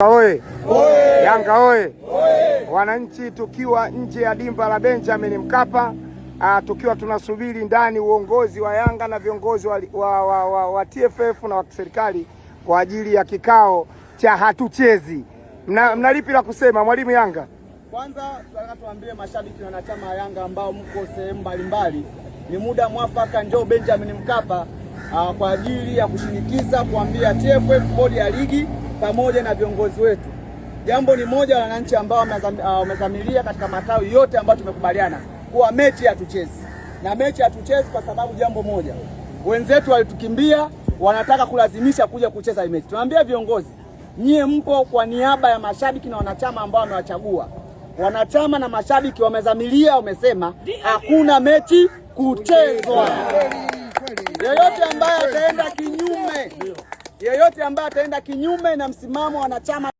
Oe. Oe. Yanga oe. Wananchi, tukiwa nje ya dimba la Benjamin Mkapa uh, tukiwa tunasubiri ndani uongozi wa Yanga na viongozi wa, wa, wa, wa, wa TFF na wa serikali kwa ajili ya kikao cha hatuchezi. Mna, lipi la kusema mwalimu Yanga? Kwanza nataka tuambie mashabiki na wanachama wa Yanga ambao mko sehemu mbalimbali, ni muda mwafaka, njoo Benjamin Mkapa uh, kwa ajili ya kushinikiza kuambia TFF, bodi ya ligi pamoja na viongozi wetu. Jambo ni moja la wananchi ambao ah, wamezamilia katika matawi yote ambayo tumekubaliana kuwa mechi hatuchezi, na mechi hatuchezi kwa sababu jambo moja, wenzetu walitukimbia, wanataka kulazimisha kuja kucheza hii mechi. Tunaambia viongozi, nyie mpo kwa niaba ya mashabiki na wanachama ambao wamewachagua. Wanachama na mashabiki wamezamilia, wamesema hakuna mechi kuchezwa. Yeyote ambaye ataenda yeyote ambaye ataenda kinyume na msimamo wa wanachama